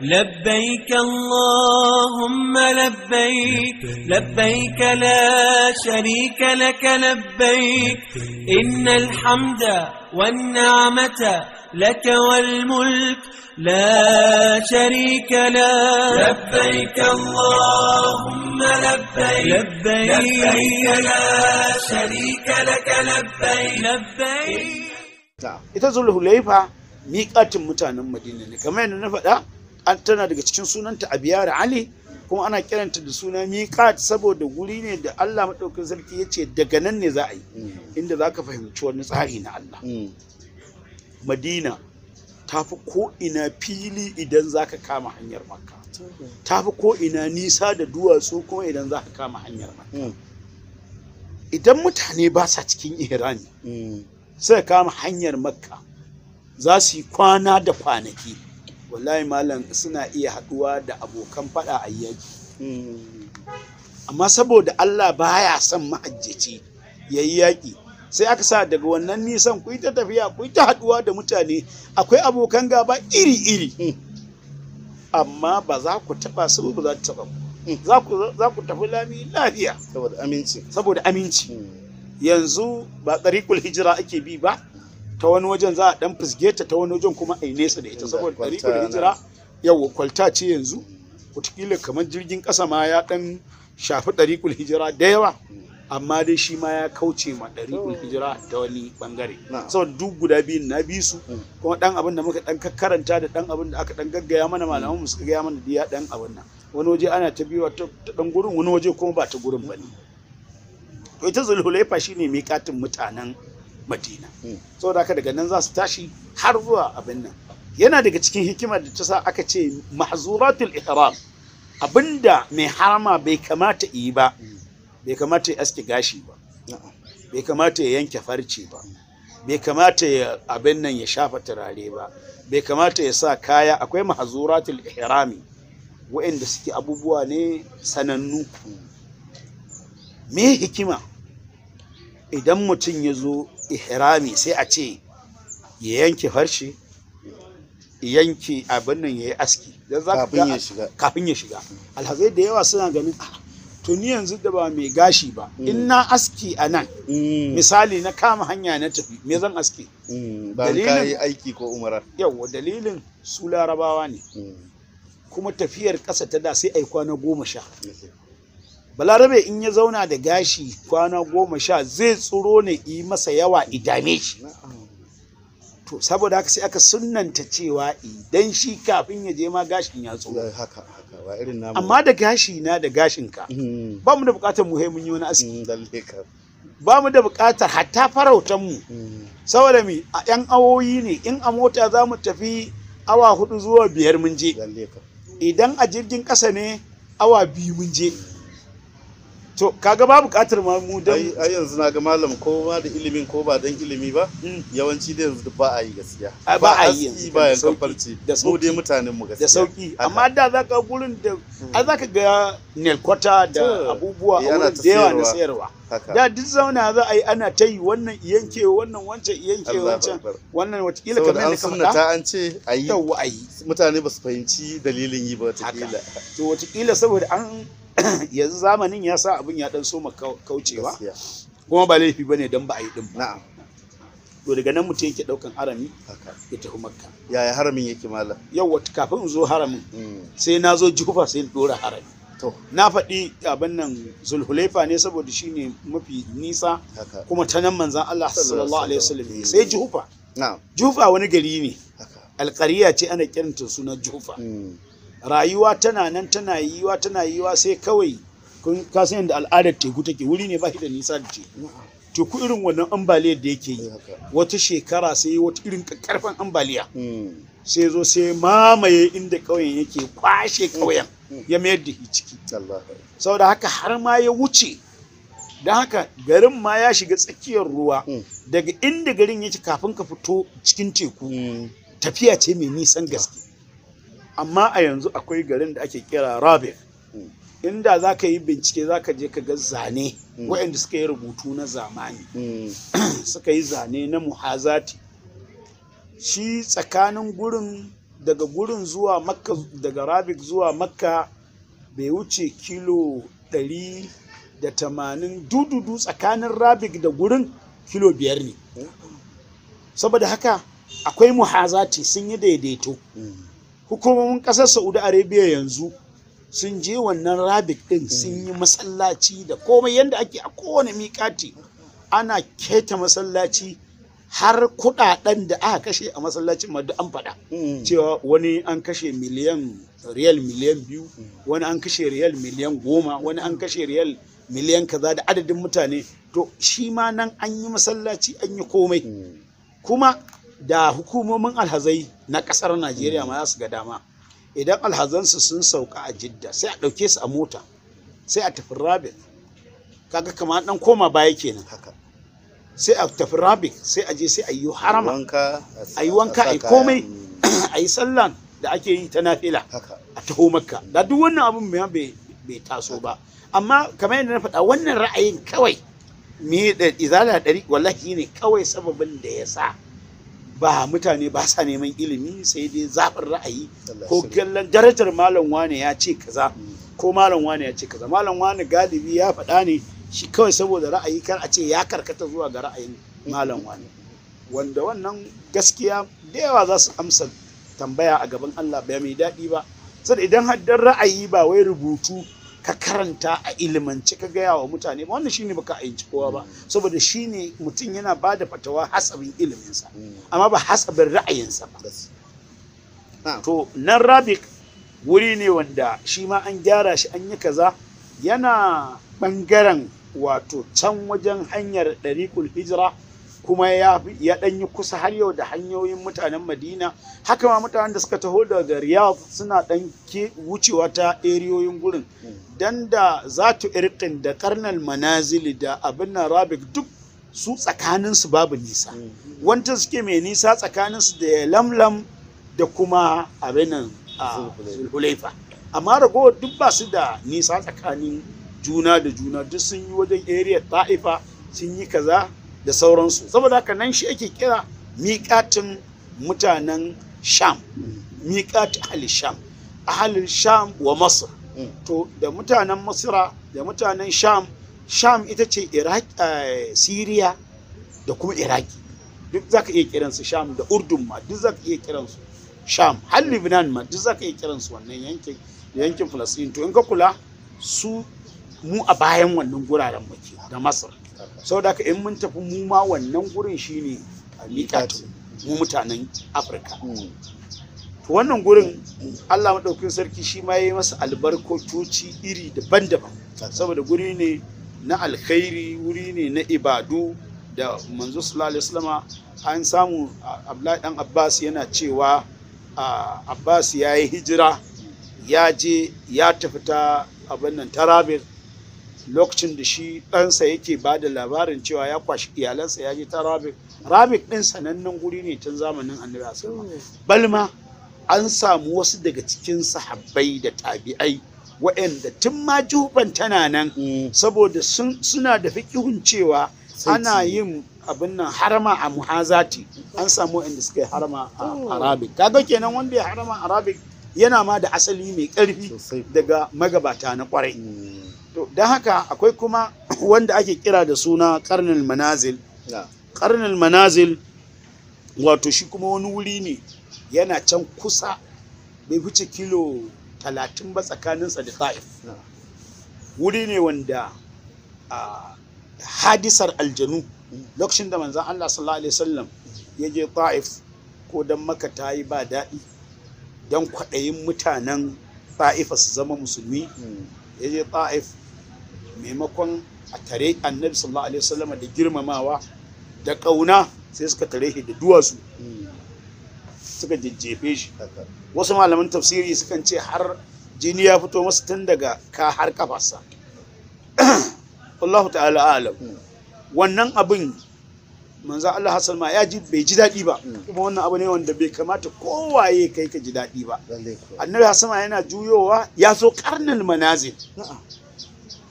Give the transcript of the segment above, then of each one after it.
لبيك اللهم لبيك لبيك لا شريك لك لبيك إن الحمد والنعمة لك والملك لا شريك لا لبيك اللهم لبيك لبيك, لبيك لا شريك لك لبيك لبيك إذا زلوا ليفا mutanen madina ne مدينة yadda na an tana daga cikin sunanta abiyar ali kuma ana kiranta da suna miqat saboda guri ne da Allah madaukakin sarki yace daga nan ne za a yi mm. inda zaka fahimci wani tsari na Allah mm. Madina ta fi ko ina fili idan zaka kama hanyar Makka ta fi ko ina nisa da duwatsu kuma idan zaka kama hanyar Makka mm. idan mutane ba sa cikin Iran sai kama hanyar Makka za su yi kwana da kwanaki wallahi malam suna iya haduwa da abokan fada a yaki amma saboda Allah baya son mahajjaci yayi yaki sai aka sa daga wannan nisan ku ta tafiya ku ta haduwa da mutane akwai abokan gaba iri-iri amma ba za ku taba su ba za ku taɓa, za ku tafi lami lafiya saboda aminci saboda aminci yanzu ba tsarikul hijira ake bi ba ta wani wajen za a dan fusge ta ta wani wajen kuma a yi nesa da ita saboda ɗariƙo da hijira yawa kwalta ce yanzu wataƙila kamar jirgin ƙasa ma ya dan shafi ɗariƙul hijira da yawa amma dai shi ma ya kauce ma ɗariƙul hijira ta wani ɓangare saboda duk guda biyun na bi su hmm. kuma ɗan abin da muka ɗan karanta da ɗan abin da aka ɗan gaggaya mana malaman mu suka gaya mana ya ɗan abin nan wani waje ana ta biyu ta ɗan gurin wani waje kuma ba ta gurin ba ne to ita zulhulaifa shine mai katin mutanen madina saboda haka daga nan za su tashi har zuwa abin nan yana daga cikin hikimar da ta sa aka ce mahzuratul ihram abinda mai harama bai kamata yi ba bai kamata ya aske gashi ba bai kamata ya yanke farce ba bai kamata ya abin nan ya shafa turare ba bai kamata ya sa kaya akwai mahzuratul ihrami waɗanda suke abubuwa ne sanannu me hikima idan mutum ya zo ihrami sai a ce ya yanke farshi yanke abin nan ya yi aski kafin ya shiga mm. alhazai da yawa suna ganin ah, tuni yanzu da ba mai gashi ba mm. in na aski a nan mm. misali na kama hanya na tafi me zan aski ba ka yi aiki ko umara yawa dalilin su larabawa ne kuma tafiyar ƙasa ta da sai yi kwana goma sha balarabe in ya zauna da gashi kwana goma sha zai tsoro ne yi masa yawa idame shi to saboda haka sai aka sunanta cewa idan shi kafin ya je ma gashin ya tsoro amma da gashi na da gashin ka mm. ba mu da bukatar mu mun yi wani aski mm, ba mu da bukatar hatta farautan mu mm. saboda mi a yan awoyi ne in a mota za mu tafi awa hudu zuwa biyar mun je idan a jirgin kasa ne awa biyu mun je to kaga ba bukatar ma mu dan ai yanzu na ga malam ko ba da ilimin ko ba dan ilimi ba mm. yawanci da yanzu ba a yi gaskiya ba a yi yanzu ba yan kafarci da mu dai mutanen mu gaskiya da sauki amma da ka gurin da a ka ga kwata da abubuwa eh, a wurin da yawa na sayarwa da duk zauna za a yi ana ta yi wannan yanke wannan wancan yanke wancan wannan kila kamar yadda ka faɗa ta an ce a yi mutane ba su fahimci dalilin yi ba kila to kila saboda an yanzu zamanin ya sa abin ya dan soma kaucewa kuma ba laifi bane dan ba a yi din na'am to daga nan mutum yake daukan harami ya tafi makka yaya haramin yake malam yawa kafin in zo haramin mm. sai na zo jufa sai in dora harami na faɗi abin nan zulhulefa ne saboda shi ne mafi nisa kuma ta nan manzan Allah sallallahu alaihi wasallam sai jufa jufa wani gari ne alƙariya ce ana kiranta suna jufa mm. rayuwa tana nan tana yiwa tana yiwa sai kawai ka san yadda al'adar teku take wuri ne baki da nisa da teku teku irin wannan ambaliyar da yake yi wata shekara sai wata irin karfan ambaliya hmm. sai zo sai mamaye inda ƙauyen yake kwashe hmm. ƙauyen hmm. ya mayar da shi ciki saboda haka har ma ya wuce don haka garin ma ya shiga tsakiyar ruwa daga inda garin yake kafin ka fito cikin teku tafiya ce mai nisan gaske amma a yanzu akwai garin da ake kira rabin hmm. inda za ka yi bincike za ka je ka ga zane hmm. waɗanda suka yi rubutu na zamani hmm. suka yi zane na muhazati shi tsakanin gurin daga gurin zuwa makka daga rabik zuwa makka bai wuce kilo 180 dududu tsakanin rabik da gurin kilo biyar ne saboda haka akwai muhazati sun yi daidaito hukumomin kasar saudi arabia yanzu sun je wannan rabit din hmm. sun yi masallaci da komai yadda ake a kowane miƙati ana keta masallaci har kuɗaɗen da aka kashe a masallacin ma an faɗa hmm. cewa wani an kashe miliyan riyal miliyan biyu hmm. wani an kashe riyal miliyan goma wani an kashe riyal miliyan kaza da adadin mutane to shi ma nan an yi masallaci an yi komai kuma da hukumomin alhazai na ƙasar najeriya ma za su ga dama idan alhazansu sun sauka a jidda sai a ɗauke su a mota sai a tafi rabin kaga kama ɗan koma baya kenan haka sai a tafi rabin sai a je sai a yi harama a yi wanka a yi komai a yi sallan da ake yi ta nafila a taho makka da duk wannan abin bai taso ba amma kamar yadda na faɗa wannan ra'ayin kawai me da izala ɗari wallahi ne kawai sababin da ya sa ba mutane ba sa neman ilimi sai dai zaɓin ra'ayi ko gallan darajar malam wane ya ce kaza ko malam wane ya ce kaza malam wane galibi ya faɗa ne shi kawai saboda ra'ayi kar a ce ya karkata zuwa ga ra'ayin malam wane wanda wannan gaskiya da yawa za su amsa tambaya a gaban Allah ba mai daɗi ba sai idan haddar ra'ayi ba wai rubutu ka karanta a ilimance ka gaya wa mutane ba wannan shine baka aiki kowa ba saboda shine mutum yana ba da fatawa hasabin iliminsa amma ba hasabin ra'ayinsa ba to nan rabik wuri ne wanda shi ma an gyara shi an yi kaza yana bangaren wato can wajen hanyar ɗariƙul hijira kuma ya ya kusa har yau da hanyoyin mutanen Madina haka ma mutanen da suka taho daga Riyadh suna dan wucewa ta eriyoyin gurin dan da za zatu irkin da karnal manazili da abin na Rabik duk su tsakanin su babu nisa wanda suke mai nisa tsakanin su da Lamlam da kuma abin nan hulaifa amma rago duk ba su da nisa tsakanin juna da juna duk sun yi wajen area Ta'ifa sun yi kaza da sauransu saboda haka nan shi ake kira miƙatin mutanen sham miƙat ahli sham ahli sham wa masar to da mutanen masira da mutanen sham sham ita ce eh, siriya da kuma iraki duk zaka iya kiransu sham da urdun ma duk zaka iya kiransu sham har lebanon ma duk zaka iya kiransu wannan yankin yankin falastin to in ka kula su mu a bayan wannan guraren muke da masar sau da in mun tafi mu ma wannan gurin shine a mu mutanen afirka to wannan gurin allah maɗaukin sarki shi ma ya yi masa albarkotoci iri daban-daban saboda guri ne na alkhairi wuri ne na ibadu da manzo sallallahu an samu abdullahi dan abbas yana cewa abbas ya yi hijira ya je ya tafi ta abin nan tarabir lokacin da shi ɗansa yake ba da labarin cewa ya kwashi iyalansa ya je ta rabik rabik ɗin sanannen guri ne tun zamanin annabi asama balma an samu wasu daga cikin sahabbai da tabi'ai waɗanda tun ma juban tana nan mm. saboda suna da fikihun cewa ana yin abin nan harama a muhazati an samu waɗanda suka yi harama a arabic oh. kaga kenan wanda ya harama arabic yana ma da asali mai ƙarfi daga magabata na ƙwarai mm. don haka akwai kuma wanda ake kira da suna ƙarnin manazil karnin manazil wato shi kuma wani wuri ne yana can kusa bai wuce kilo talatin ba tsakaninsa da ta'if wuri ne wanda hadisar aljanu lokacin da manzan Allah sallallahu alaihi wasallam ya je ta'if ko don maka ta yi ba daɗi don kwaɗayin mutanen ta'ifa su zama musulmi hmm. ya je ta'if maimakon a tare annabi sallallahu alaihi wasallam da girmamawa da ƙauna sai suka tare shi da duwatsu suka jajjefe shi wasu malaman tafsiri sukan ce har jini ya fito masa tun daga ka har kafarsa Allah ta'ala alam hmm. wannan abin manzo Allah Hassan ma ya ji bai ji daɗi ba hmm. kuma wannan abu ne wanda bai kamata kowaye kai ka ji daɗi ba annabi Hassan ma yana juyowa ya zo karnal manazil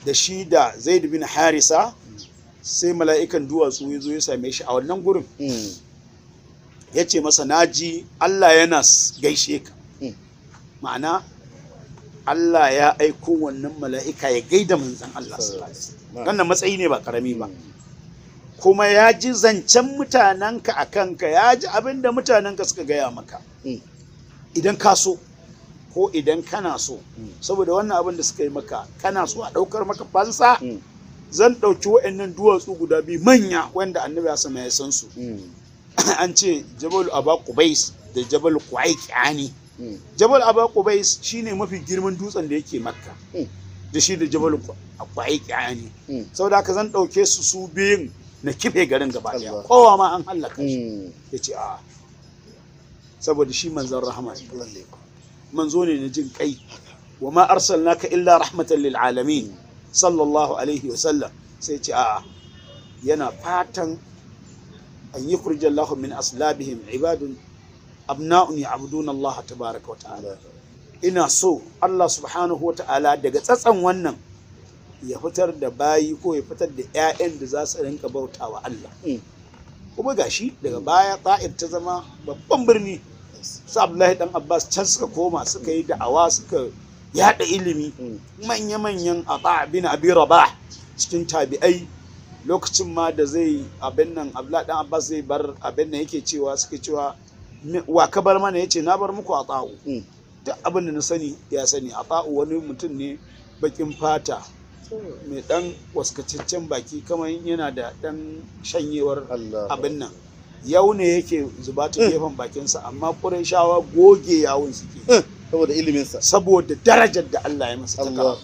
da shi da zaid bin harisa sai mala'ikan duwatsu ya zo ya same shi a wannan gurin hmm. ya ce masa naji allah yana gaishe ka hmm. ma'ana allah ya aiko wannan mala'ika ya gaida manzan allah wannan matsayi ne ba karami ba hmm. kuma ya ji zancen mutanenka a kanka ya ji abin mutanenka suka gaya maka idan ka so ko idan kana so hmm. saboda wannan abin da suka yi maka kana so a ɗaukar maka fansa hmm. zan dauki wa'annan duwatsu guda biyu manya wanda annabi ya sama ya san su hmm. an ce jabal aba qubais da jabal qaiqani jabal aba qubais shine mafi girman dutsen da yake makka da shi da jabal qaiqani saboda haka zan ɗauke su su biyun na kife garin gaba daya kowa ma an halaka shi yace a saboda shi manzon rahama sallallahu alaihi manzo ne na jin kai wa ma arsalnaka illa rahmatan lil alamin sallallahu alaihi wa sallam sai ce a'a yana fatan an yukhrija min aslabihim ibadun abna'un ya'buduna Allah tabaraka wa ta'ala ina so Allah subhanahu wa ta'ala daga tsatsan wannan ya fitar da bayi ko ya fitar da 'ya'yan da za su rinka bautawa Allah mm. kuma gashi daga baya ta'ir ta zama babban birni su abdullahi dan abbas can suka koma suka yi da'awa suka yada ilimi manya-manyan aba bin abi rabah cikin tabi'ai lokacin ma da zai abin nan abdullahi dan abbas zai bar abin nan yake cewa suke cewa wa ka bar mana yace na bar muku ata'u duk abin da na sani ya sani ata'u wani mutum ne bakin fata mai dan waskataccen baki kamar yana da dan shanyewar abin nan yau ne yake zuba ta mm. gefen bakinsa amma ƙurayshawa goge yawon suke mm. saboda iliminsa saboda darajar da Allah ya masa ta kawo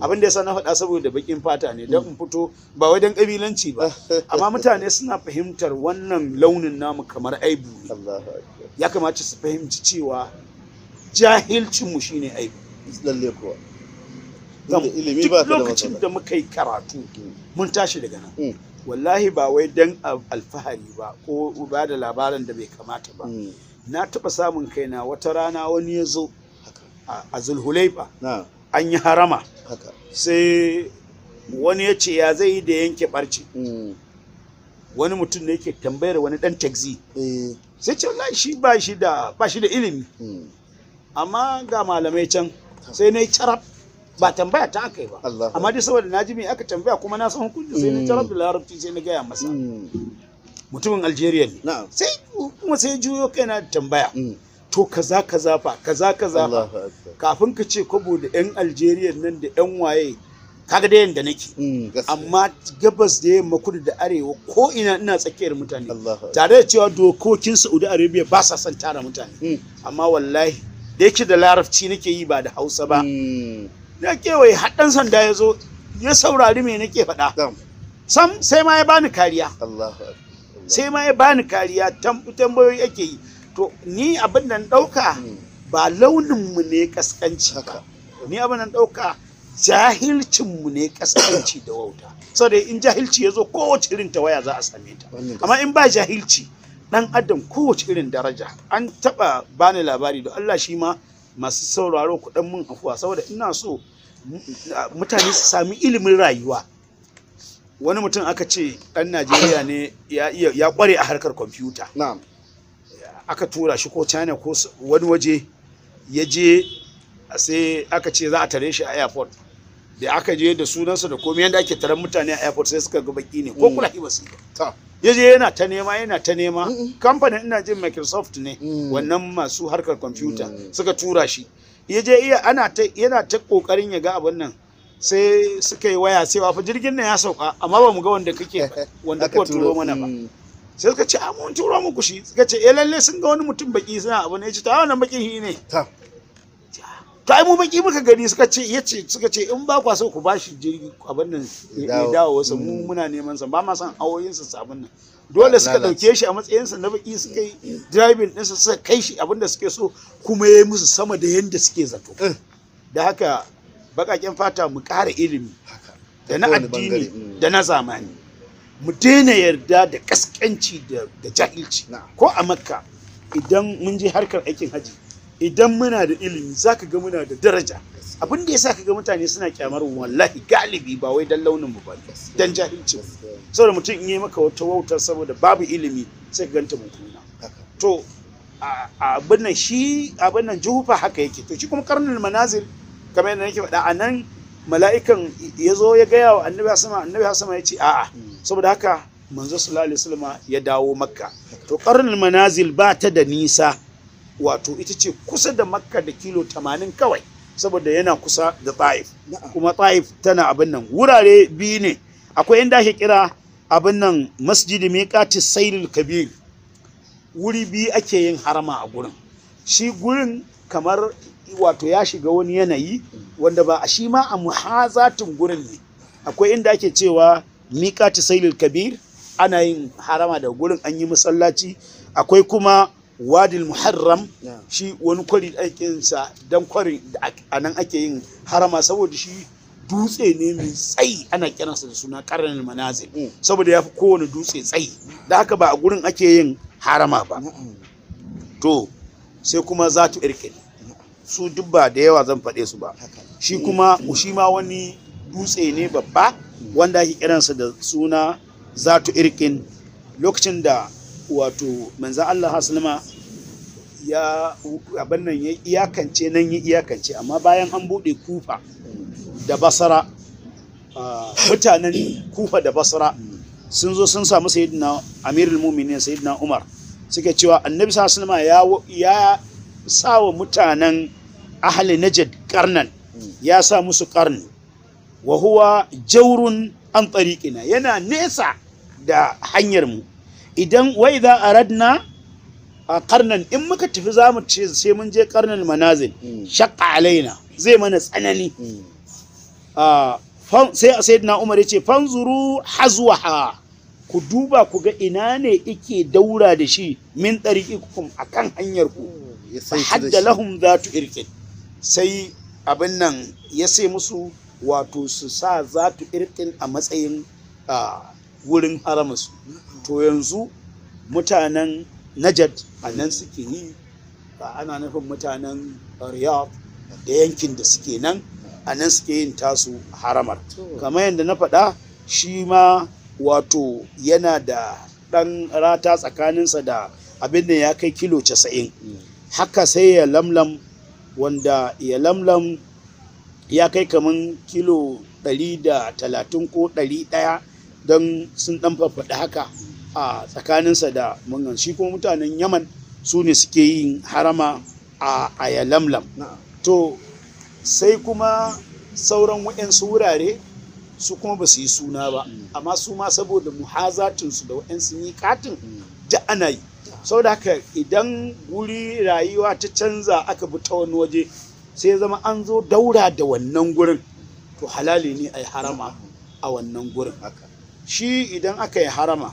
abin da ya na faɗa saboda bakin fata ne don mm. in fito ba wai don ƙabilanci ba amma mutane suna fahimtar wannan launin namu kamar aibu ne ya kamata su fahimci cewa jahilcinmu shine aibu lalle kuwa ilimi lokacin da muka yi karatu mun tashi daga nan wallahi ba wai dan alfahari ba ko ba da labarin da bai kamata ba hmm. na taɓa samun kaina wata rana wani ya zo a zulhulaifa an yi harama sai wani ya ce ya zai yi da yanke barci hmm. wani mutum ne yake tambayar wani dan taxi eh. sai ce wallahi shi ba shi da ilimi hmm. amma ga malamai can sai na yi carab ba tambaya ta aka yi ba amma dai saboda na ji me aka tambaya kuma na san hukunci sai na tarar mm. larabci sai na gaya masa mm. mutumin algeria ne sai kuma sai juyo kai na tambaya mm. to kaza kaza fa kaza kaza fa kafin ka ce kwabo da yan algeria nan da yan waye kaga da yanda nake amma gabas da yamma kudu da arewa ko ina ina tsakiyar mutane tare da cewa dokokin saudi arabia ba sa son tara mutane amma wallahi da yake da larabci nake yi ba da hausa ba na kewaye ɗan sanda ya zo ya saurari me nake faɗa sam sai ma ya bani kariya sai ma ya bani kariya tambayoyi ake yi to ni abin nan ɗauka hmm. ba launinmu ne kaskanci ba ni abin nan ɗauka jahilcinmu ne kaskanci da wauta saboda in jahilci ya zo kowace irin ta waya za a same ta amma in ba jahilci ɗan adam kowace irin daraja an taɓa bani labari da Allah shi ma masu sauraro kudin mun afuwa saboda ina so mutane su sami ilimin rayuwa wani mutum aka ce dan Najeriya ne ya ya kware a harkar kwamfuta na'am aka tura shi ko China ko wani waje ya je sai aka ce za a tare shi a airport da aka je da sunansa da komai yadda ake taron mutane a airport sai suka ga baki ne ko mm. kula ba su yaje yana ta nema yana ta nema kamfanin ina jin microsoft ne mm. wannan masu harkar kwamfuta mm. suka tura shi ya iya ana ta yana ta kokarin ya ga abin nan sai suka yi waya sai fa jirgin nan ya sauka amma ba mu ga wanda kake wanda ko turo mana ba mm. sai suka ce a ah, mun turo muku shi suka ce eh lalle sun ga wani mutum baki suna abu ne ya ce ah, ta wannan bakin hi ne to ai mu baki muka gani suka ce yace suka ce in ba kwa so ku bashi jirgi abin nan ya dawo wasu mu mm. muna neman sa ba ma san awoyin sa sabon nan dole suka dauke shi a matsayin sa na baki suka yi driving din sa suka kai shi abin da suke so kuma yayi musu sama da yanda suke zato eh. da haka bakaken fata mu ƙara ilimi da na addini mm. da na zamani mu daina yarda da kaskanci da jahilci ko a makka idan mun je harkar aikin haji idan muna da ilimi za ka ga muna da daraja abin da ya sa ka ga mutane suna kyamar wallahi galibi ba wai don launin mu ba don jahilci saboda mutum in yi maka wata wautar saboda babu ilimi sai ka ganta kuna to abin nan shi abin nan juhufa haka yake to shi kuma karnul manazir kamar yadda nake faɗa a nan mala'ikan ya zo ya gaya wa annabi hasama annabi hasama ya ce a'a saboda haka manzo sallallahu alaihi wasallam ya dawo makka to Karnin manazil ba ta da nisa wato ita ce kusa da makka da kilo 80 kawai saboda yana kusa da ta'if kuma ta'if tana abin nan wurare biyu ne akwai inda ake kira abin nan masjidi miƙati sailul kabir wuri biyu ake yin harama a gurin shi gurin kamar wato ya shiga wani yanayi wanda ba a shi ma a muhazatin gurin ne akwai inda ake cewa miƙati sailul kabir ana yin harama da gurin an yi masallaci akwai kuma wadil muharram shi wani kwari aikinsa don kwari a nan ake yin harama saboda shi dutse ne mai tsayi ana kiransa da suna karanin manazil mm. saboda ya fi kowane dutse tsayi da haka ba a gurin ake yin harama ba to sai kuma za tu su dubba da yawa zan faɗe su ba shi kuma shi ma wani dutse ne babba wanda ake kiransa da suna za tu irkin lokacin da wato manzan Allah haslima ya abin nan ya iyakance nan ya iyakance amma bayan an buɗe kufa da basara mutanen kufa da basara sun zo sun samu sayyidina amirul muminin sayyidina umar suke cewa annabi haslima ya ya wa mutanen ahli najd karnan ya sa musu karni wa huwa jawrun an tariqina yana nesa da hanyar mu idan wai za a radna a karnan in muka tafi za mu ce sai mun je karnan manazil hmm. shakka alaina zai mana tsanani hmm. sai a umar ya ce fanzuru hazwaha ku duba ku ga ina ne ike daura da shi min ikukun a kan hanyar ku hmm, hadda lahum za tu irkin sai abin nan ya sai musu wato su sa za tu irkin a matsayin wurin haramusu to yanzu mutanen najad a nan suke yi ba ana nufin mutanen riyadh da yankin da suke nan a nan suke yin tasu haramar kamar yadda na faɗa shi ma wato yana da ɗan rata tsakaninsa da abin da ya kai kilo casa'in hmm. haka sai ya lamlam wanda ya lamlam ya kai kamar kilo ɗari da talatin ko ɗari ɗaya don sun ɗan faɗi haka a tsakaninsa da mungan shi kuma mutanen yaman su ne suke yin harama a ayalamlam to sai kuma sauran waɗansu wurare su kuma ba su yi suna ba mm. amma su ma saboda muhazatinsu da waɗansu yi katin mm. da ana yi saboda haka idan guri rayuwa ta canza aka bi ta wani waje sai zama an zo daura da wannan gurin to halali ne a harama a wannan gurin haka shi idan aka yi harama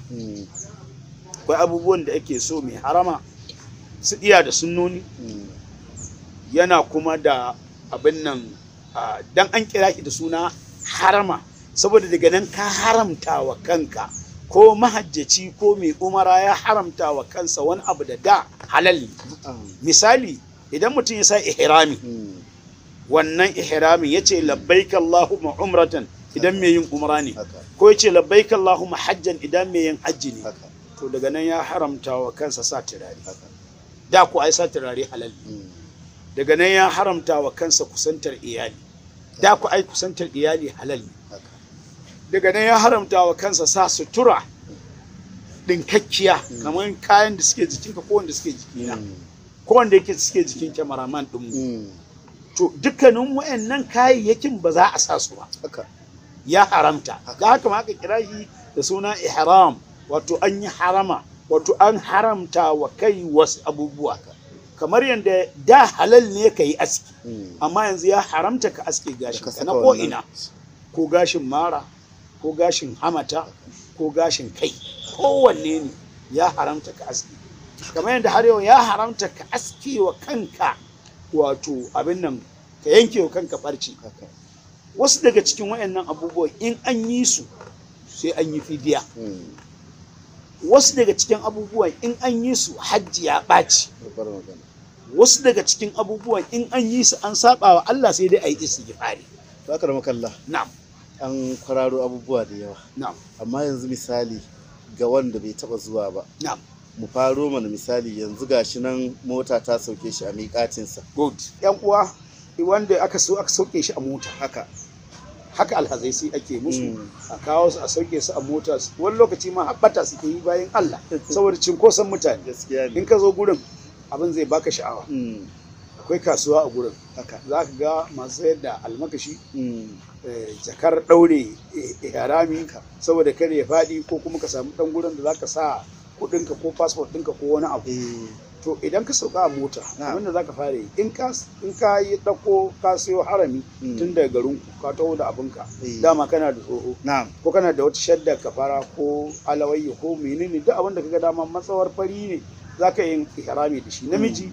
akwai abubuwan da ake so mai harama su iya da sunnoni yana kuma da abin nan dan an kira ki da suna harama saboda daga nan ka haramta wa kanka ko mahajjaci ko mai umara ya haramta wa kansa wani abu da da halal misali idan mutum ya sa ihrami wannan ihramin ya ce labbaik Allahumma umratan idan mai yin umra ne ko ya ce labbaik Allahumma hajjan idan mai yin hajji ne to daga nan ya haramta wa kansa sa turare da ku ai sa turare halal hmm. daga nan ya haramta wa kansa kusantar iyali da ku ai kusantar iyali halal daga nan ya haramta wa kansa sa sutura dinkakkiya hmm. kamar kayan da suke jikinka ko wanda suke jikina hmm. ko wanda yake suke jikin kyamaraman ɗinmu to dukkanin wayannan kayayyakin ba za a sa su ba ya haramta ga haka ma aka kira shi da suna ihram wato an yi harama wato an haramta wa kai wasu abubuwa kamar yadda da halal ne ka yi aski hmm. amma yanzu ya haramta ka aski gashin ka na ko'ina ko gashin mara ko gashin hamata ko gashin kai kowanne ne ya haramta ka aski kamar yadda har yau ya haramta ka aski wa kanka wato abin nan ka yanke wa kanka farci wasu daga cikin wayannan abubuwa in an yi su sai an yi fidiya wasu daga cikin abubuwa in an yi su hajji ya ɓaci wasu daga cikin abubuwa in an yi su an saba wa Allah sai dai a yi istighfari bakar makalla na'am an kwararo abubuwa da yawa na'am amma yanzu misali ga wanda bai taba zuwa ba na'am mu faro mana misali yanzu gashi nan mota ta sauke shi a miƙatinsa good yan uwa wanda aka so aka sauke shi a mota haka haka alhazai sai ake musu hmm. a kawo su a sauke su a mota su. wani lokaci ma haɓata ke yi bayan Allah saboda cinkoson mutane in ka zo gurin abin zai baka sha'awa hmm. akwai kasuwa a gurin za ka ga masu sayar da almakashi hmm. eh, jakar ɗaure eh, eh, harami saboda kare ya faɗi ko kuma ka samu ɗan gurin da za ka sa kuɗinka ko fasfot ɗinka ko wani abu to idan ka sauka a mota abinda za ka fara yi in ka yi dako ka sayo harami hmm. tun daga garin ka taho da abinka eh. dama kana da tsoho ko kana da wata shadda ka fara ko alawayya ko menene duk abinda ka gada dama matsawar fari ne za ka yi ihrami da shi hmm. namiji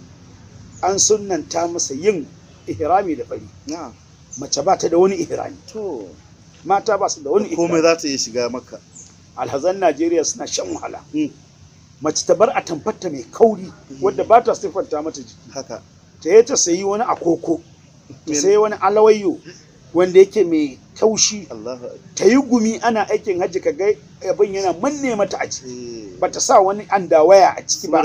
an sunnanta masa yin ihrami da fari mace ba ta da wani ihrami mata ba su da wani ihrami komai za ta iya shiga maka alhazan najeriya suna shan wahala hmm. mace ta bar a tamfarta mai kauri mm. wadda ba ta siffanta mata jiki haka ta yi ta sayi wani akoko ta sayi wani alawayyo wanda yake mai taushi ta yi gumi ana aikin hajji ka ga abin yana manne mata a ciki eh. ba ta sa wani andawaya a ciki ba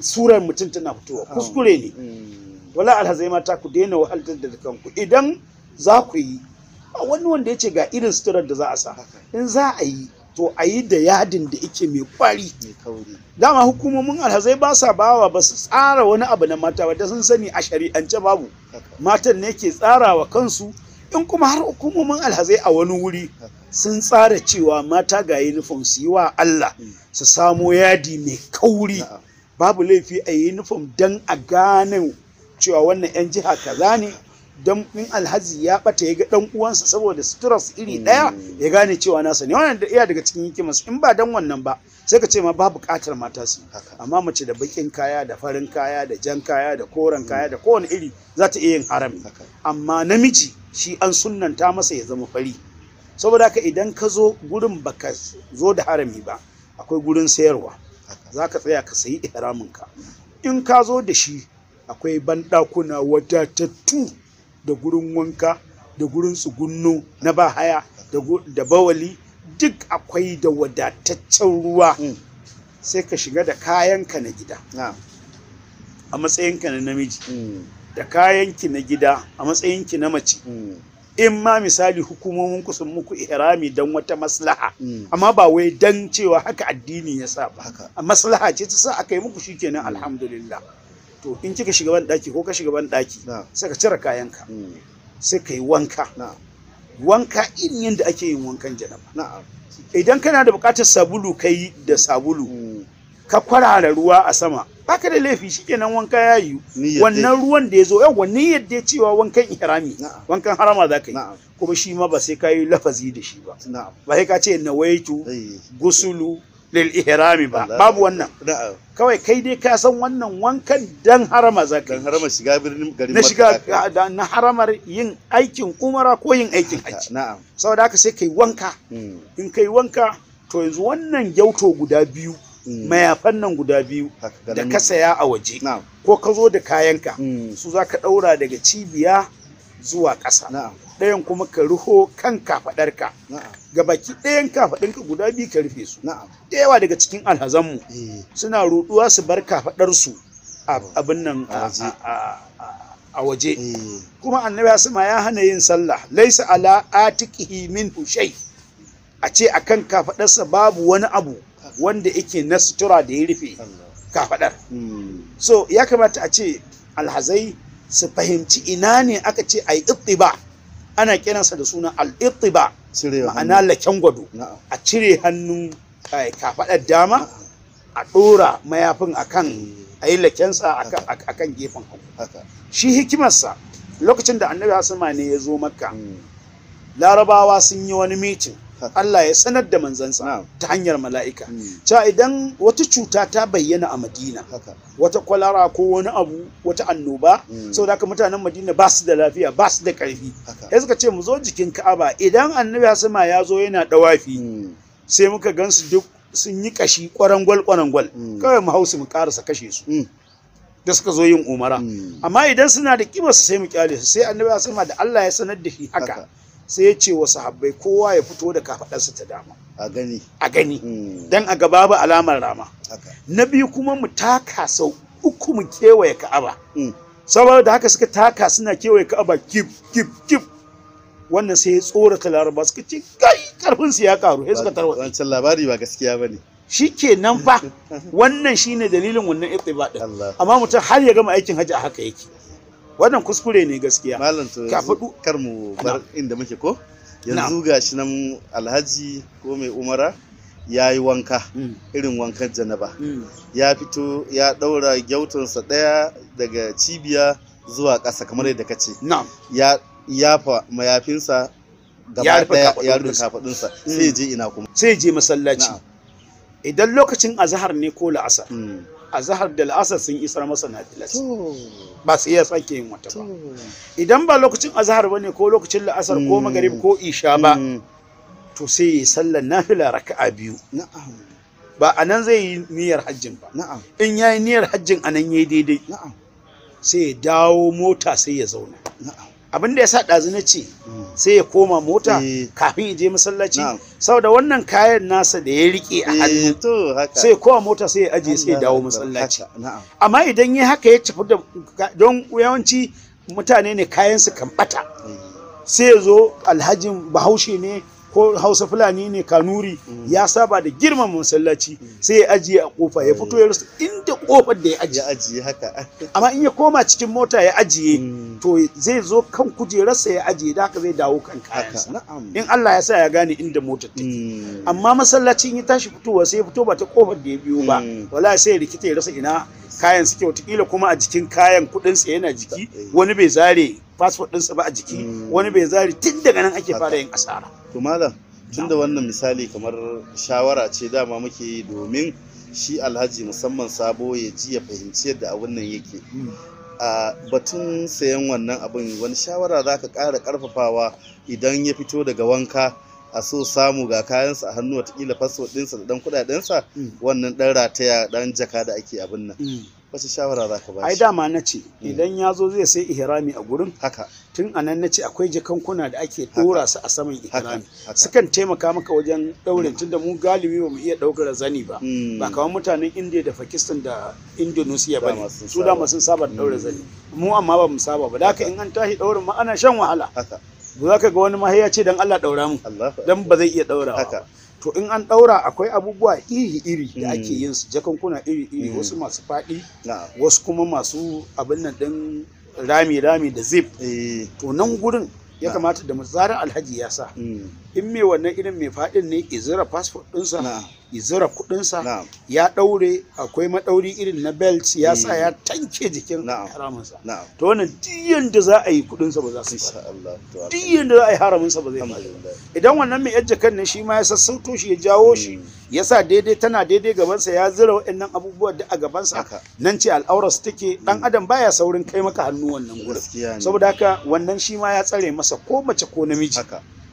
surar mutum tana fitowa oh. kuskure ne mm. wala alhazai mata ku daina wahaltar da kanku idan za ku yi wani wanda ya ce ga irin suturar da za a sa in za a yi to a yi da yadin da yake mai kwari dama hukumomin alhazai ba sa bawa ba su tsara wani abu na mata ba sun sani a shari'ance babu matan ne ke tsarawa kansu in kuma har hukumomin alhazai a wani wuri sun tsara cewa mata ga yunifom su yi wa Allah mm. su samo yadi mai kauri babu laifi a yi yunifom don a gane cewa wannan 'yan jiha kaza ne don in alhazi ya bata ya ga dan uwansa saboda suturas iri daya mm. ya gane cewa nasa ne wannan da iya daga cikin hikimar in ba dan wannan ba sai ka ce ma ba buƙatar mata su amma mace da bakin kaya da farin kaya da jan kaya da koren kaya da kowane iri za ta iya yin harami amma namiji shi an sunnanta masa ya zama fari saboda haka idan ka zo gurin baka zo da harami ba akwai gurin sayarwa za ka tsaya ka sayi ka. in ka zo da shi akwai banɗakuna wadatattu da gurin wanka da gurin tsugunno na bahaya da bawali duk akwai da wadataccen ruwa hmm. sai ka shiga da kayanka na gida a matsayinka na namiji hmm. da kayanki na gida a matsayinki na mace hmm. in ma misali hukumomin ku sun muku ihrami don wata maslaha amma ba wai don cewa haka addini ya sa ba maslaha ce ta sa aka yi muku shi kenan alhamdulillah to in kika shiga ban daki ko ka shiga ban daki sai ka cire kayanka hmm. sai ka yi wanka wanka irin yadda ake yin wankan janaba idan kana da bukatar sabulu ka da sabulu hmm. ka kwarara ruwa a sama baka da laifi shikenan wanka ya yi wannan ruwan da ya zo yawa yadda ya cewa wankan ihrami wankan harama za ka yi kuma shi ma ba sai ka yi lafazi da shi ba ba sai ka ce nawaitu gusulu lil ihrami ba babu wannan kawai kai dai ka san wannan wankan dan harama za ka harama shiga birnin garin na shiga na haramar yin aikin umara ko yin aikin haji na'am saboda haka sai kai wanka hmm. in kai wanka to yanzu wannan gyauto guda biyu hmm. mayafan nan guda biyu da ka saya a waje ko ka zo da kayanka hmm. su za ka ɗaura daga cibiya zuwa ƙasa ɗayan kuma ka ruho kan kafaɗarka ga baki ɗayan kafaɗinka guda biyu ka rufe su da yawa daga cikin alhazanmu eh. suna ruɗuwa su bar kafaɗarsu oh. abin nan a waje eh. kuma annabi asma ya hana yin sallah laisa ala atiqihi min shay a ce akan kafaɗarsa babu wani abu wanda yake na sutura da ya rufe kafaɗar hmm. so ya kamata a ce alhazai su fahimci ina ne aka ce ayi ittiba ana kiransa da suna al-ittiba ma'ana laken gwado a cire hannun eh, kafaɗar dama a ɗora mayafin akan a yi lakensa akan gefen hagu shi hikimarsa lokacin da annabi hasama ne ya zo makka larabawa sun yi wani mitin Allah ya sanar da manzansa ta hanyar mala'ika hmm. Ca idan wata cuta ta bayyana a Madina wata kwalara ko wani abu wata annoba hmm. saboda haka mutanen Madina ba su da lafiya ba su da ƙarfi Ya suka ce mu zo jikin Ka'aba idan Annabi sama ya zo yana ɗawafi. Hmm. sai muka gansu duk sun yi kashi kwarangwal kwarangwal kawai mu hausu mu karasa kashe su da suka zo yin umara amma idan suna da kibar su sai mu kyale su sai annabi ya sama da Allah ya sanar da shi haka sai ya ce wa sahabbai kowa ya fito da kafaɗarsa ta dama a gani a gani hmm. dan a gaba ba alamar rama na biyu kuma mu taka sau uku mu kewaye ka'aba hmm. saboda haka suka taka suna kewaye ka'aba kif kif kif wannan sai ya tsora ta laraba suka ce kai karfin su ya karu sai suka tarwa. wancan labari ba gaskiya bane nan fa wannan shine dalilin wannan ittiba din amma mutum har ya gama aikin haji a haka yake wannan kuskure ne gaskiya malam to kar mu bar inda muke ko yanzu gashi nan alhaji ko mai umara ya yi wanka mm. irin wankan janaba mm. ya fito ya ɗaura gyautansa ɗaya daga cibiya zuwa ƙasa kamar yadda ka ce ya yafa mayafinsa gaba ɗaya ya rufe kafaɗinsa mm. sai je ina kuma sai je masallaci idan lokacin azahar ne ko la'asar zahar da la'asar sun isar masa nafilas ba su iya sake yin wata ba idan ba lokacin azhar bane ko lokacin la'asar ko mm. magarib ko isha ba mm. to sai ya sallar nafila raka'a biyu ba a nan zai yi niyyar hajjin ba in ya yi niyyar hajjin a nan ya yi daidai sai ya dawo mota sai ya zauna abin da ya sa ɗazu na ce hmm. sai ya koma mota eh. kafin ya je masallaci saboda wannan kayan nasa da ya rike a eh, hannu sai koma mota sai ya ajiye sai ya dawo masallaci amma idan ya haka ya tafi da don yawanci mutane ne su kan bata eh. sai ya zo alhajin bahaushe ne ko hausa fulani ne kanuri ya saba da girman masallaci sai ya ajiye a kofa ya fito ya rusa inda kofar da ya ajiye haka amma in ya koma cikin mota ya ajiye mm. to zai zo kan kujerarsa ya ajiye da haka zai dawo kan kayansa in Allah ya sa ya gane inda motar take mm. amma masallaci in ya tashi fitowa sai ya fito ba ta kofar da ya biyo ba mm. wala sai ya rikita ya rasa ina kayan suke kila kuma a jikin kayan kudin sa yana jiki wani bai zare passport ɗinsa ba a jiki hmm. wani bai zari tun daga nan ake fara yin asara to malam tun wannan misali kamar shawara ce dama muke yi domin shi alhaji musamman sabo ya ji ya fahimci yadda abin nan yake hmm. a batun sayan wannan abin wani shawara za ka ƙara ƙarfafawa idan ya fito daga wanka a so samu ga kayansa a hannu watakila fasfot ɗinsa da ɗan kuɗaɗensa hmm. wannan ɗan rataya ɗan jaka da ake abin nan wasu shawara za ka ba ai dama na ce hmm. idan ya zo zai sai ihrami a gurin haka tun anan na ce akwai jakankuna da ake dora su a saman ihrami sukan taimaka maka wajen tun hmm. tunda mu galibi ba mu iya daukar zani ba hmm. ba kamar mutanen indiya da pakistan da indonesia ba su dama sun saba da zani mu amma ba mu saba ba da in an tashi daurin ma ana shan wahala ba za ka ga wani ma ce dan allah daura mu dan ba zai iya daura ba to in an ɗaura akwai abubuwa iri-iri da ake hmm. yin su jakankuna iri-iri hmm. wasu masu faɗi wasu kuma masu abin nan ɗin rami-rami da zip eh. to nan gurin ya kamata da mu zara alhaji ya sa hmm. in mai wannan irin mai faɗin ne izira fasfot ɗinsa izura kudinsa ya daure akwai madauri irin na belt ya sa mm. ya tanke jikin haraminsa to wannan diyan da za a yi kudinsa ba za su diyan da za a yi haraminsa ba zai faru idan wannan mai yajja kan ne shi ma ya sassauto shi ya jawo shi mm. ya sa daidai tana daidai gabansa ya zura waɗannan abubuwan da a gabansa nan ce al'aurarsa take dan mm. adam baya saurin kai maka hannu wannan gurin saboda haka wannan shi ma ya tsare masa ko mace ko namiji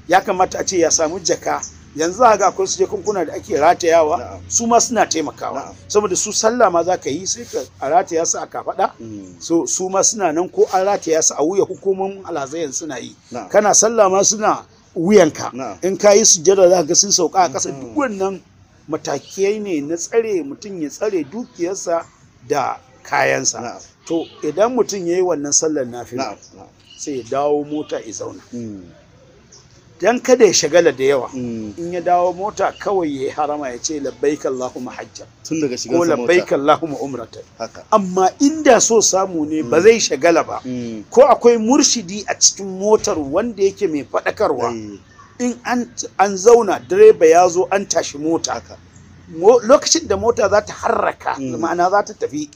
ya kamata a ce ya samu jaka yanzu za ga akwai su jakunkuna da ake ratayawa su ma suna taimakawa saboda su sallah ma za ka yi sai ka a rataya su a kafaɗa mm. so su ma suna nan ko an rataya su a wuya hukumomin alhazayan suna yi kana sallah ma suna wuyanka in ka yi sujjada za ga sun sauka a mm. ƙasa duk wannan matakai ne na tsare mutum ya tsare dukiyarsa da kayansa to idan mutum ya yi wannan sallar nafila sai ya dawo mota ya zauna mm. dan kada ya shagala da yawa mm. in ya dawo mota kawai ya harama ya ce labbaik Allahumma hajja tun daga shigar ko labbaik Allahumma umrata amma inda so samu ne ba mm. zai shagala ba mm. ko akwai murshidi a cikin motar wanda yake mai fadakarwa eh. in an zauna direba ya zo an tashi mota lokacin da mota za ta harraka ma'ana za ta tafi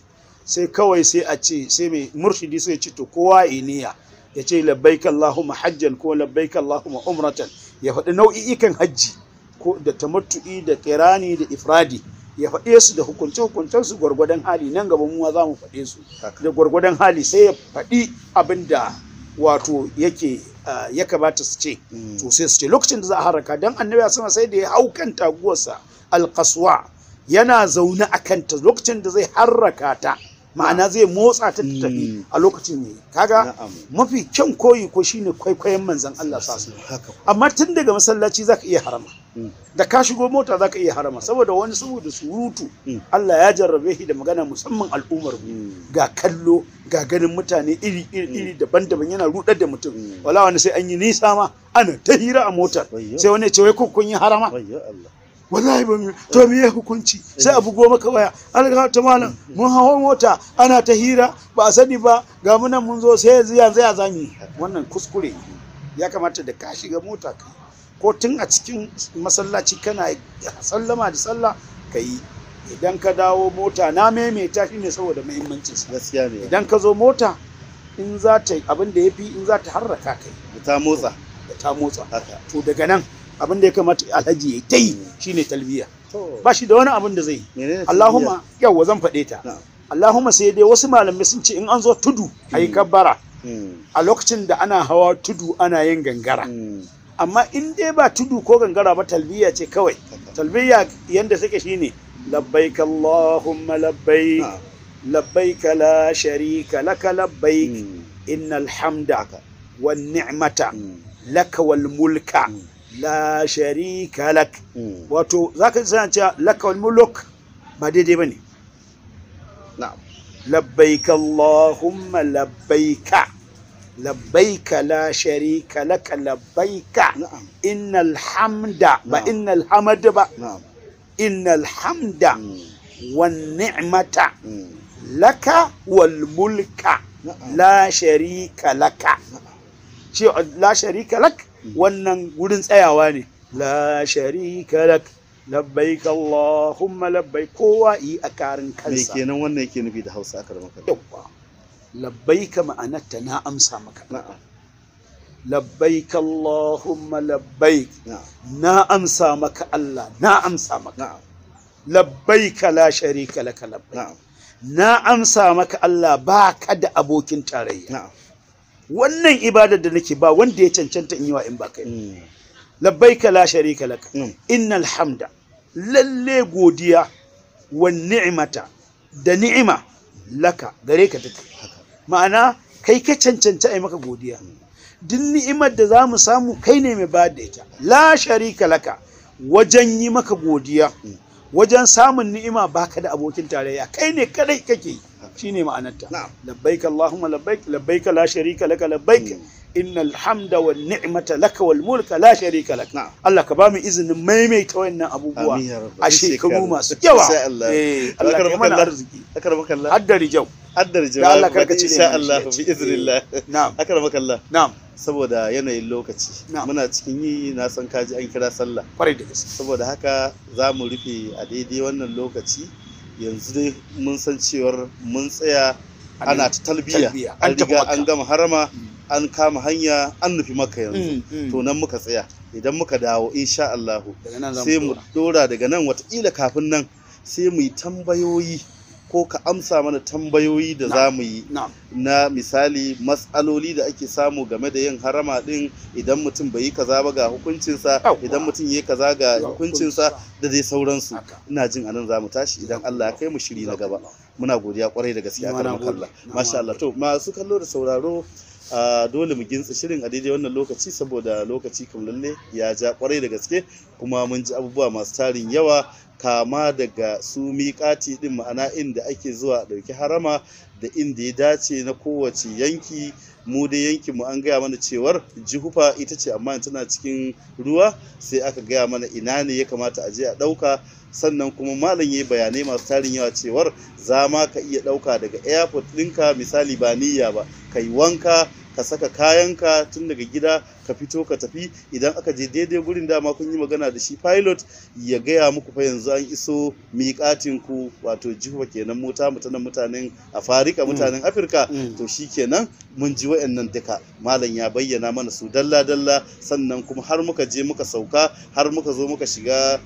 sai kawai sai a ce sai mai murshidi sai ce to kowa iniya ya ce labbaika Allahumma hajjan ko labbaika Allahumma umratan ya faɗi nau'i'ikan hajji ko da tamattu'i da kirani da ifradi ya faɗe su da hukunce-hukuncen su gwargwadon hali nan gaba mu za mu faɗe su da gwargwadon hali sai ya faɗi abin da wato yake ah, ya kamata su ce mm. to sai su ce lokacin da za a haraka dan annabi sama sai da ya hau kan taguwarsa alkaswa yana zaune a kanta lokacin da zai harraka ta ma'ana zai motsa ta hmm. tafi a lokacin ne kaga mafi kyan koyi ko shine kwaikwayon manzan Allah sallallahu amma tun daga masallaci zaka iya harama hmm. da ka shigo mota zaka iya harama saboda wani saboda surutu hmm. Allah ya jarrabe shi da magana musamman al'ummar mu ga kallo ga ganin mutane iri iri daban-daban yana rudar da mutum wala wani sai an yi nisa ma ana ta hira a motar sai wani ce wai kun yi harama wallahi ba to me yi hukunci sai a bugo maka waya an ga ta malam mun hawo mota ana ta hira ba a sani ba ga mu nan mun zo sai yanzu yanzu ya zami wannan kuskure ya kamata da ka shiga mota ka ko tun a cikin masallaci kana sallama da sallah ka yi idan ka dawo mota na maimaita shi ne saboda muhimmancin sa gaskiya ne idan ka zo mota in za ta abin da yafi in za ta harraka kai ta motsa ta motsa to daga nan abin da ya kamata alhaji ya ta yi shine talbiya ba shi da wani abin da zai yi Allahumma yawa zan faɗe ta Allahumma sai dai wasu malamai sun ce in an zo tudu ayi hmm. kabbara hmm. a lokacin da ana hawa tudu ana yin gangara hmm. amma in dai ba tudu ko gangara ba talbiya ce kawai talbiya yanda take shine labbaik Allahumma labbaik labbaik la sharika laka labbaik innal hamda wan ni'mata laka wal mulka la sharika lak wato zaka ji sanan cewa lak wal muluk ba daidai bane na'am labbaika allahumma labbaika labbaika la sharika lak labbaika innal hamda ba innal hamd ba innal hamda mm. wan ni'mata mm. laka wal mulka la sharika laka la sharika lak Mm. wannan gurin tsayawa ne la sharika lak labbaik allahumma labbaik kowa yi a karin kansa me kenan wannan yake nufi da Hausa akar maka yawa labbaika ma'anarta na amsa maka labbaik allahumma labbaik na amsa maka Allah na amsa maka labbaika la sharika lak labbaik na amsa maka Allah ba ka da abokin tarayya wannan ibadar da nake ba wanda ya cancanta in yi wa in ba kai hmm. labbaika la sharika laka hmm. innal hamda lalle godiya wa ni'mata da ni'ima laka gare ka take ma'ana kai ka cancanta ai maka godiya hmm. duk ni'imar da zamu samu kai ne mai bayar da ita la sharika laka wajen yi maka godiya wajen samun ni'ima baka da abokin tarayya kai ne kadai kake yi shine ma'anarta labbaik allahumma labbaik labbaik la sharika laka labbaik hmm. innal hamda wan ni'mata laka wal mulka la sharika lak Allah ka bamu izinin maimaita wannan abubuwa a shekaru masu yawa Allah eh, Allah ka mana arziki akramakallah Hadda jau haddari jau Allah ka ci insha Allah bi iznillah na'am akramakallah na'am saboda yanayin lokaci muna cikin yi na san kaji an kira sallah kwarai da gaske saboda haka za mu rufe a daidai wannan lokaci yanzu dai mun san cewar mun tsaya ana ta talbiya an riga an gama harama mm. an kama hanya an nufi maka yanzu mm, mm. to nan muka tsaya idan muka dawo insha Allahu sai mu dora daga nan watakila kafin nan sai mu yi tambayoyi ko ka amsa mana tambayoyi da za mu yi na misali matsaloli da ake samu game da yin harama din idan mutum bai yi kaza ba ga hukuncinsa idan mutum yi kaza ga hukuncinsa da dai sauransu ina jin anan za mu tashi idan Allah ya kai mu shiri na gaba muna godiya kwarai da gaskiya kan Allah masha Allah to masu kallo da sauraro dole mu gintsa shirin a daidai wannan lokaci saboda lokaci kamlalle ya ja kwarai da gaske kuma mun ji abubuwa masu tarin yawa kama daga su miƙati ɗin ma'ana inda ake zuwa a ɗauki harama da inda ya dace na kowace yanki mu da yankin mu an gaya mana cewar jihufa ita ce amma tana cikin ruwa sai aka gaya mana ina ne ya kamata a je a ɗauka sannan kuma malam ya bayanai masu tarin yawa cewar za ma ka iya ɗauka daga airport ɗinka misali ba niyya ba ka yi wanka ka saka kayanka tun daga gida ka fito ka tafi idan aka je daidai gurin dama kun yi magana da shi pilot ya gaya muku fa yanzu an iso miƙatin ku wato jihuwa kenan mota mutanen mutanen afirka mm. mutanen afirka mm. to shi kenan mun ji wayannan duka malam ya bayyana mana su dalla dalla sannan kuma har muka je muka sauka har muka zo muka shiga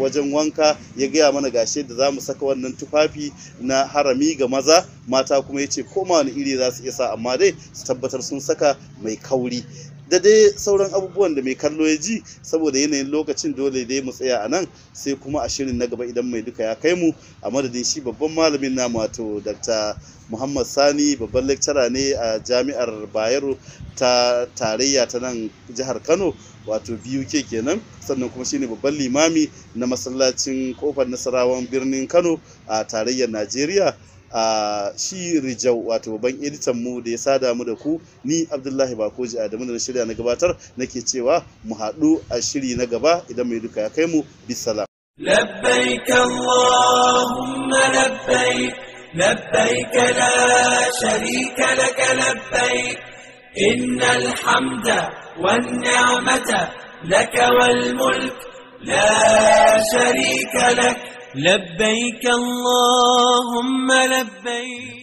wajen wanka ya gaya mana gashe da za mu saka wannan tufafi na harami ga maza mata kuma ya ce koma wani iri za su isa amma dai su tabbatar sun saka mai kauri da dai sauran abubuwan da mai kallo ya ji saboda yanayin lokacin dole dai mu tsaya a nan sai kuma a shirin na gaba idan mai duka ya kai mu a madadin shi babban malamin na wato dr muhammad sani babban lecturer ne a jami'ar bayero ta tarayya ta nan jihar kano wato buk kenan sannan kuma shine babban limami na masallacin kofar nasarawan birnin kano a tarayyar najeriya a shi rijau wato babban editan mu da ya sada mu da ku ni abdullahi bakoji adamu da na shirya na gabatar nake cewa mu haɗu a shiri na gaba idan mai duka ya kai mu bisalam لبيك اللهم لبيك لبيك لا شريك لك لبيك إن الحمد والنعمة لك والملك لا شريك لك لبيك اللهم لبيك